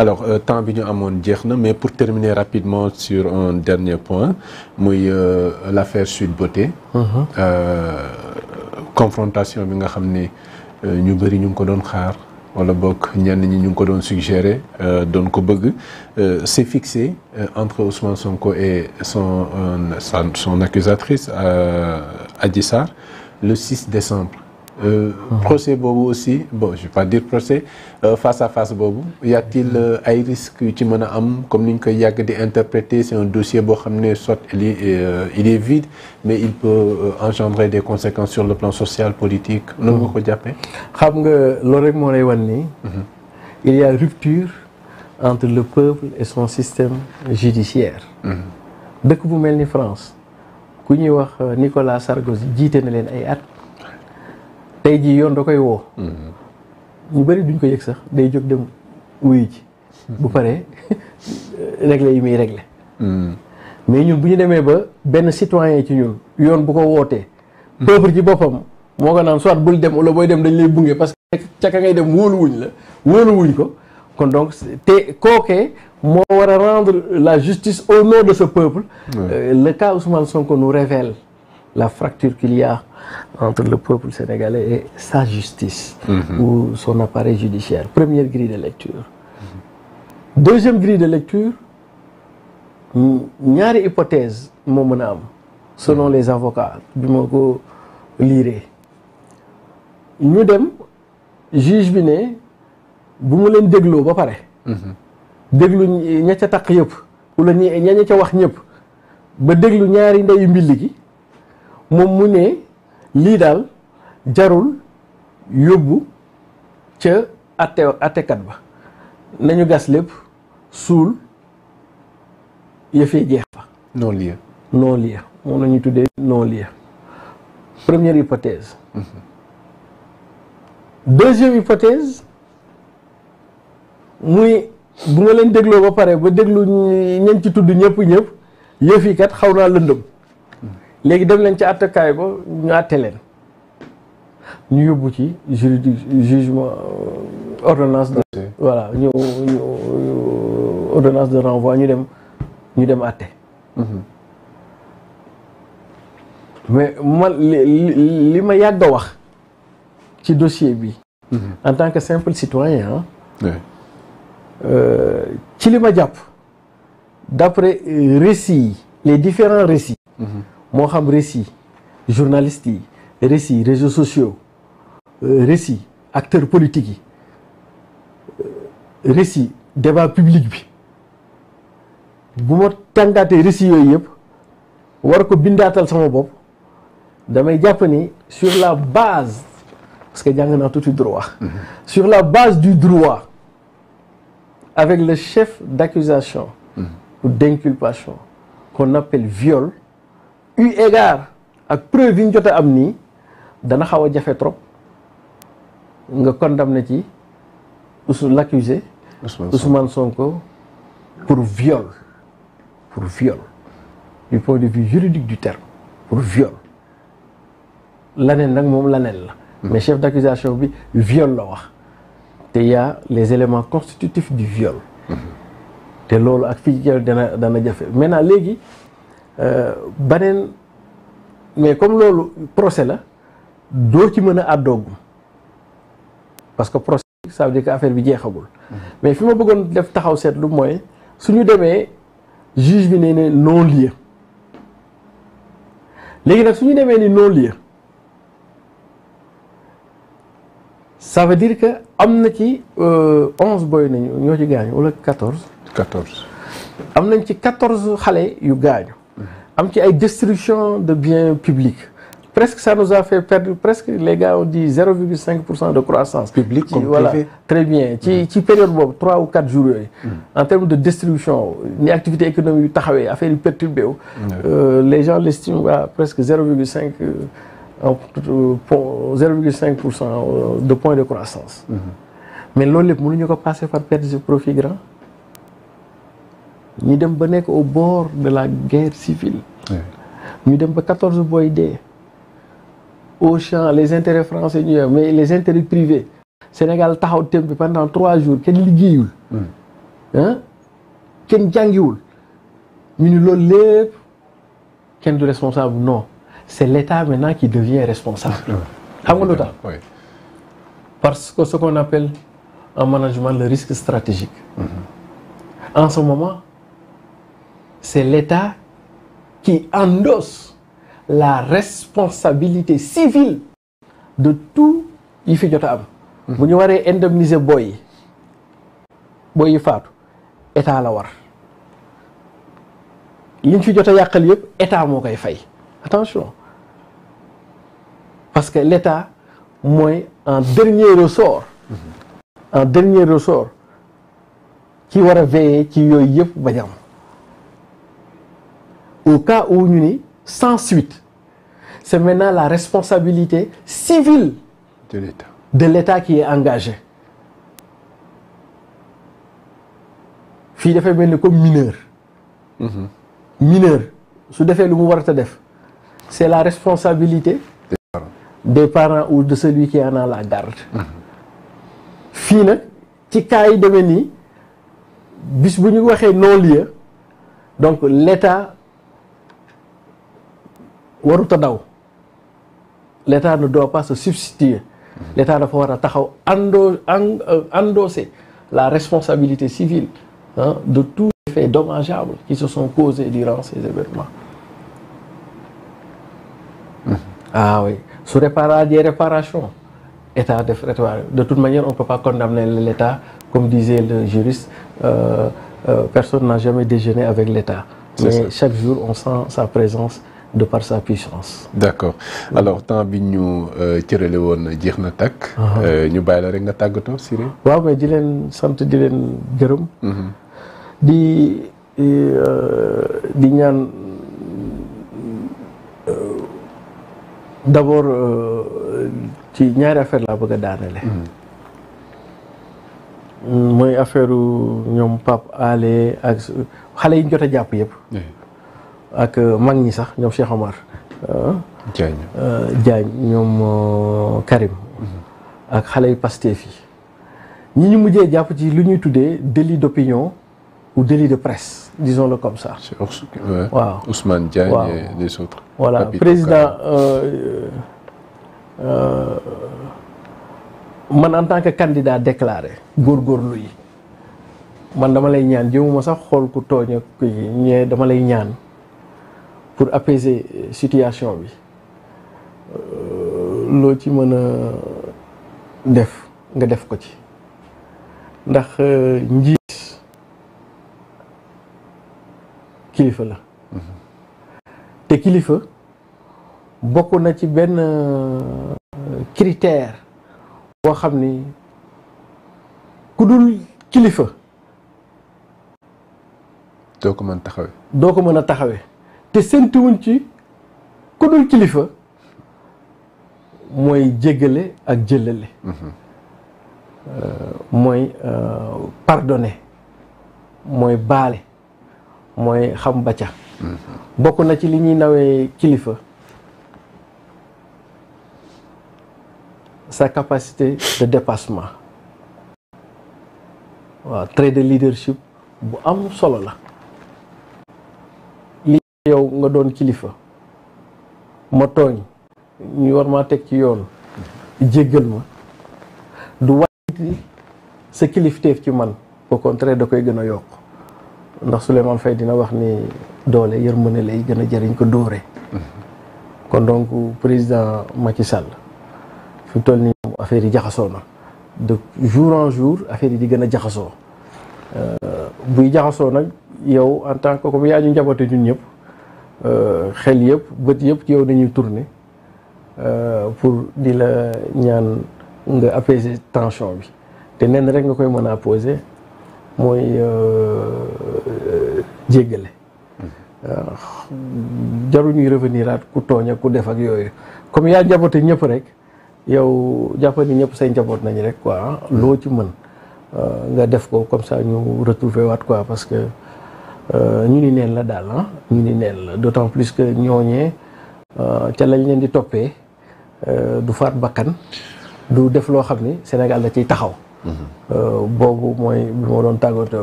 alors euh, temps bi ñu amoon jeex na mais pour terminer rapidement sur un dernier point muy la euh, l'affaire Sweet Beauté uh-huh. euh, confrontation bi nga xam ni ñu bëri ñu ngi ko doon xaar wala bokk ñan ñi ñu ngi ko doon suggérer doon ko bëgg c'est fixé entre Ousmane Sonko et son son accusatrice Adji Sarr le 6 décembre Euh, ah. procès boobu aussi bon je vais pas dire procès euh, face à face boobu y a il euh, ay risques yu ci mën a am comme ni ñu koy yàgg di interpréter c'est un dossier boo xam ne soit il est il vide mais il peut engendrer des conséquences sur le plan social politique. noonu nga ko jàppee. xam nga loolu rek moo lay wan nii. Mhm. il y a entre le peuple et son système judiciaire. Mhm. dëkk bu mel ni France ku ñuy wax Nicolas Sarkozy jiite na leen ay at. tey jii yoon da koy woo. Mhm. ñu bëri duñ ko yëg sax day jóg dem wuyu ji. Mhm. bu paree réglé yi muy réglé. Mhm. mais ñun bu ñu demee ba benn citoyen ci ñun yoon bu ko wootee. peuple ci boppam moo ko naan soit bul dem wala booy dem dañ lay bunge parce que ca ka ngay dem wuñ la wóoluwuñ ko kon donc te kookee moo war a rendre la justice au nom de ce peuple. Euh, le cas Ousmane Sonko nous révèle. la fracture qu'il y a entre le peuple sénégalais et sa justice mmh. ou son appareil judiciaire. Première grille de lecture. Mmh. Deuxième grille de lecture, ñaari hypothèse moo mën a am selon mhm. les avocats bi moo ko liiree ñu dem juge bi ne bu mu leen dégloo ba pare mhm. déglu ña ca taq yëpp wala ña ña ca wax ñëpp ba déglu ñaari ndeyu mbill gi moom mu ne lii daal jarul yóbbu ca atte attekat ba nañu gas lépp suul yëfee jeex fa non lieu moom la ñuy tuddee non première hypothèse mm -hmm. hypothèse muy bu nga leen dégloo ba pare ba déglu ñañ ci tudd ñëpp ñëpp yëf xaw naa lëndëm léegi dem leen ci attakaay ba ñu àtte leen ñu yóbbu ci jugement euh, ordonnance de voilà ñu ordonnance de renvoi dem ñu dem àtte mhm. mais man li li ma yàgg a wax ci dossier bi mhm. en tant que simple citoyen euh, ci li ma jàpp d'après euh, récits yi les différents récits mhm. moo xam récit journalistes yi récit réseaux sociaux euh, récit acteurs politiques yi euh, récit débat public bi bu ma tàngaatee récit yooyu yëpp war ko bindaatal sama bopp damay jàpp ni sur la base parce que jàng naa tuuti droit mhm. sur la base du droit avec le chef d'accusation mhm. ou d'inculpation kon appelle viol eu égard ak preuve yi ñu jot am nii dana xaw a jafe trop nga condamné ci Ousmane l'accusé Ousmane Sonko pour viol pour viol du point de vue juridique du terme pour viol laneen nag moom laneen la hmm. mais chef d'accusation bi viol la wax te yaa les éléments constitutifs du viol hmm. te loolu ak fii ci dana dana jafe maintenant léegi Euh, baneen mais comme loolu procès la doo ci mën a àddoogum parce que procès ça dire que affaire bi jeexagul mm-hmm. mais fi ma bëggoon def taxaw seetlu mooy suñu demee juge bi nee ne non lieu léegi nag suñu demee ni non lieu ça veut dire que am na ci euh, onze boy nañu ñoo ci gaañu wala quatorze quatorze am nañ ci quatorze xale yu gaañu am ci ay destruction de biens publics presque ça nous a fait perdre presque les gars ont dit cinq pour cent de croissance public comme privé voilà très bien ci ci période boobu trois ou quatre jours yooyu mm. en termes de destruction ni activité économique yu taxawee affaire yu perturbé wu euh, les gens l'estiment à presque zéro cinq euh, zéro virgule cinq pour cent euh, de point de croissance mm-hmm. mais loolu lépp mënuñu ko passer par perte de profit grand ñu dem ba nekk au bord de la guerre civile ñu dem ba quatorze booy dee au champ les intérêts français ñu yor mais les intérêts privés Sénégal taxaw tém bi pendant trois jours kenn liggéeyul ah kenn jàngiwul ñu ni loolu lépp kenn du responsable non c'est l'État maintenant qui devient responsable xam nga lu parce que ce qu'on appelle en management le risque stratégique mhm. en ce moment c'est l'État qui endosse la responsabilité civile de tout yi fi jot a am. Mhm. bu ñu waree indemniser booy yi booy yi faatu état la war liñ fi jot a yàqal yëpp état moo koy fay attention parce que l'état mooy en dernier ressort. en mhm. dernier ressort ki war a veiller ci yooyu yëpp bañ au cas où ñu ni sans suite c'est maintenant la responsabilité civile de l'État de l'État qui est engagé fii dafay mel ni comme mineur mhm. mineur su defee lu mu war def c'est la responsabilité des parents ou de celui qui en a la garde mhm. fii nag ci cas yi demee nii bis bu ñu waxee non-lieu donc l'État warut a daw l' état ne doit pas se substituer l' dafa war a taxaw endo euh, endosser la responsabilité civile hein, de tous les faits dommageables qui se sont causés durant ces événements mmh. ah état def de toute manière on ne peut pas condamner l'état comme disait le juriste euh, euh, personne n'a jamais déjeuné avec l'état mais ça. chaque jour on sent sa présence de par sa puissance. d' accord alors temps bi ñu euh, cërale woon jeex na takk. Uh-huh. Euh, ñu bàyyi la rek nga tàggatoo Siré. waaw mais di leen sant di leen gërëm. Mm-hmm. Euh, di ñaan d' abord ci ñaari affaire laa bëgg a daanale. mooy mm-hmm. affaire ñoom Pape Alé ak xale yi ñu jot jàpp yëpp. ak euh, mag ñi sax ñoom Cheikh Omar. Euh, Diagne euh, Diagne ñoom Karim. Mm-hmm. ak xale yu Pastef fii ñi ñu mujjee jàpp ci lu ñuy tuddee délit d'opinion ou délit de presse disons-le comme ça. waaw Ousmane Diagne et les voilà président man en tant que candidat déclaré góorgóorlu yi man dama lay ñaan jëmuma sax xool ku tooñ ak ñee dama lay ñaan. pour apaiser euh, situation bi euh, loo ci mën a def nga def ko ci ndax euh, njiit kilifa la mm-hmm. te kilifa bokk na ci benn critère boo xam ni ku dul kilifa doo ko mën taxawe doo ko mën a taxawe te séntuwuñ ci ku kilifa mooy jéggale ak jëlale mhm. euh, mooy euh, pardonner mooy baale mooy xam bacca mhm. bokk na ci li ñuy nawee kilifa sa capacité de dépassement waaw trait de leadership bu am solo la yow nga doon kilifa ma tooñ ñu war maa teg ci yoon jéggal ma du wàññi sa kilifteef ci man au contraire da koy gën a yokk ndax Souleymane Faye dina wax ni doole yërmande lay gën a jëriñ ko dóore kon donc président Macky Sall fi mu toll nii moom yi jaxasoo na de jour en jour affaire yi di gën a jaxasoo euh, buy jaxasoo nag yow en tant que comme yaa ñu njaboote ñun ñëpp Euh, xel yëpp bët yëpp ci yow dañuy tourner euh, pour di la ñaan nga apaiser tension bi te nen rek nga koy mën a poser mooy euh, jéggale jaru ñuy reveniraat ku tooñ ku def ak yooyu comme yaa njaboote ñëpp rek yow jàppa ni ñëpp say njaboot nañ rek quoi loo ci mën nga def ko comme ça ñu retrouver waat quoi parce que Euh, ñu ni neen la daal ah ñu ni neen la d'autant plus que ñooñee euh, ca lañ leen di toppee euh, du faat bakkan du def loo xam ni Sénégal da ciy taxaw mm-hmm. boobu mooy bi ma doon tàggatoo